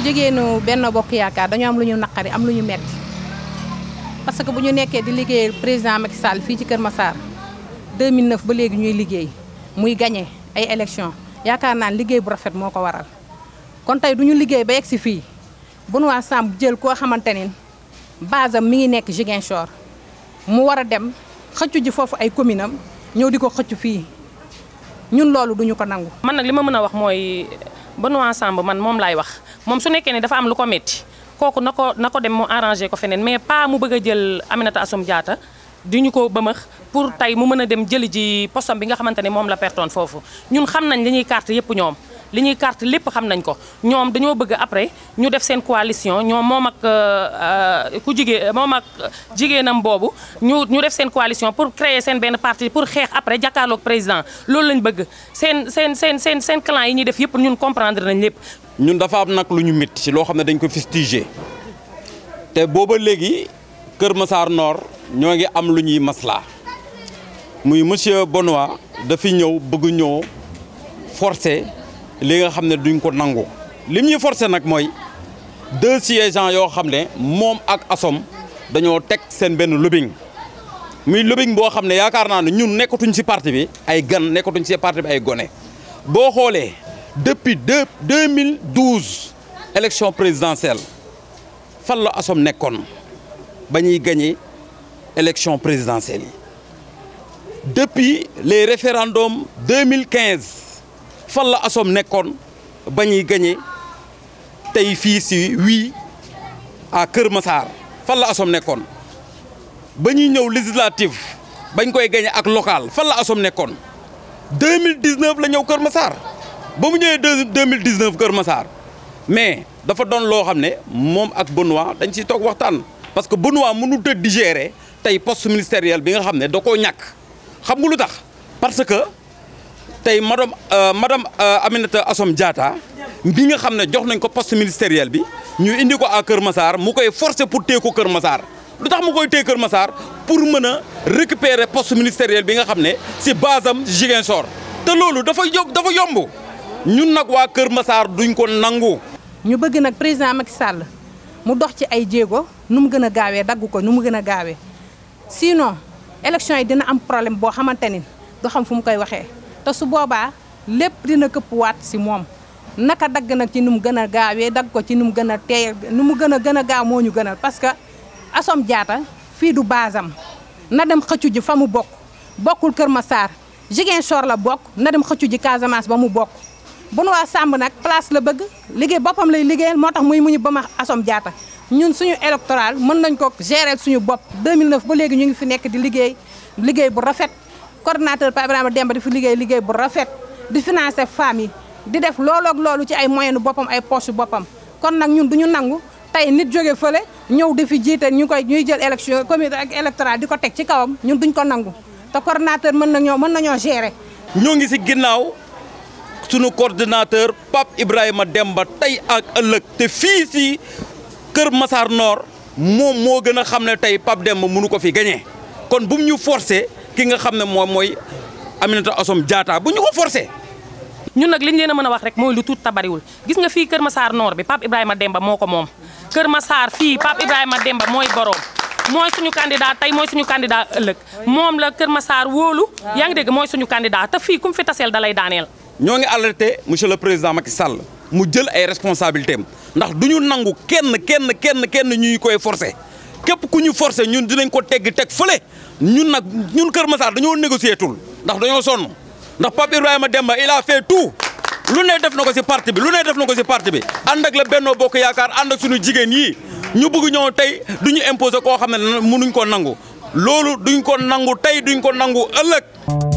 ñun jigéenu benn bokk yaakaar dañoo am lu ñu naqari am lu ñu met parce que bu ñu nekkee di liggéey président Macky Sall fii ci Kër Massar 2009 ba léegi ñuy liggéey muy gagné ay élection yaakaar naan liggéey bu rafet moo ko waral kon tey du ñu liggéey ba yegg si fii bu Benoît Samb jël koo xamante ne base mi ngi nekk Ziguinchor mu war a dem xëccu ji foofu ay commune am ñëw di ko xëccu fii ñun loolu duñu ko nangu. man nag li ma mën a wax mooy. bonu nous man mom lay wax mom su dafa am ko nako nous dem mais pas jël Aminata di ñu ko bëmëx pour tey mu mën a dem jëli ji postam bi nga xamante ne moom la pertoon foofu ñun xam nañ li ñuy carte yëpp ñoom li ñuy carte lépp xam nañ ko ñoom dañoo bëgg après ñu def seen coalition ñoom moom ak euh, euh, ku jigéen moom ak jigéenam boobu ñu ñu def seen coalition pour créer seen benn parti pour xeex après jàkkaarloog président loolu lañ bëgg seen seen seen seen seen clan yi ñuy def yëpp ñun comprendre nañ lépp ñun dafa am nag lu ñu mit ci loo xam ne dañ ko fustiger te booba léegi Kër Massar Nord ñoo ngi am lu ñuy maslaa muy monsieur Benoît dafi ñëw bëgg ñëw forcer li nga xam ne duñ ko nangu lim ñuy forcer nag mooy deux siégeants yoo xam ne moom ak ASOM dañoo teg seen benn lobbying muy lobbying boo xam ne yaakaar naa ne ñun nekkatuñ si parti bi ay gan nekkatuñ ci parti bi ay gone boo xoolee depuis deux 2012 élection présidentielle fan la ASOM nekkoon. Ils ont gagné élection présidentielle depuis le référendum 2015 falla ASOM nekon Ils gagné oui à gagné Massar ASOM nekon banyi ñëw gagné ak local ils ASOM nekon 2019 la ñëw Kër Massar 2019 Kermassar. mais dafa faut lo mom ak Benoît dañ parce que Benoît mënut a digérer tey poste ministériel bi nga xam ne da koo ñàkk xam nga lu tax parce que tey madame euh, madame euh, Aminata Assome Diatta bi nga xam ne jox nañ ko poste ministériel bi ñu indi ko à Kër Massar mu koy forcer pour téye ko Kër Massar lu tax mu koy téye Kër Massar pour mën a récupérer poste ministériel bi nga xam ne si base am Ziguinchor te loolu dafa yomb dafa yomb ñun nag waa Kër Massar duñ ko nangu. ñu bëgg nag président Macky mu dox ci ay jéego nu mu gën a gaawee dagg ko nu mu gën a gaawee sinon élection yi dina am problème boo xamante ni du fu mu koy waxee te su boobaa lépp dina këpp waat si moom naka dagg nag ci nu mu gën a gaawee dagg ko ci nu mu gën a teey nu mu gën a gën a gaaw moo ñu gënal parce que Assome Diatta fii du baasam na dem xëccu ji fa mu bokk bokkul Kër Massar Ziguinchor la bokk na dem xëccu ji Casamance ba mu bokk waa Samb nag place la bëgg liggéey boppam lay liggéeyal moo tax muy muñu ba ma asom jaata ñun suñu électoral mën nañ ko gere suñu bopp 2009 ba léegi ñu ngi fi nekk di liggéey liggéey bu rafet coordonnateur Pape a Demba di fi liggéey liggéey bu rafet di financer femmes yi di def looloog loolu ci ay moyenu boppam ay poche boppam kon nag ñun duñu nangu tey nit jóge fële ñëw di fi jiite ñu koy ñuy jël élection comité ak électoral di ko teg ci kawam ñun duñ ko nangu te coordonnateur mën nañoo mën nañoo gérer. ñoo ngi si ginnaaw. sunu coordinateur Pape Ibrahima Demba tey ak ëllëg te fii si Kër masaar noor moom moo gën a xam ne tey Pape Demba mënu ko fii gagné kon bu mu ñu forcé ki nga xam ne moom mooy Aminata asom Diatta bu ñu ko forcé ñun nag liñ leen a mën a wax rek mooy lu tuut tabariwul gis nga fii Kër Massar noor bi Pape Ibrahima Demba moo ko moom Kër masaar fii Pape Ibrahima Demba mooy boroom mooy suñu candidat tey mooy suñu candidat ëllëg moom la Kër Massar wóolu yaa ngi dégg mooy suñu candidat te fii ku fi taseel da lay daaneel ñoo ngi alerté monsieur le président Macky Sall mu jël ay responsabilité am ndax du ñu nangu kenn kenn kenn kenn ñuy koy forcé képp ku ñu forcé ñun dinañ ko tegg teg fule ñun nag ñun Kër Massar dañoo négocié tul ndax dañoo sonn ndax Pape ma Demba il a fait tout lu ne def na ko ci parti bi lu ne def na ko ci parti bi ànd ak la Benno Bokk Yaakaar ànd ak suñu jigéen yi ñu bëgg ñoo tey du ñu imposer koo xam ne mënuñ ko nangu loolu duñ ko nangu tey duñ ko nangu ëllëg.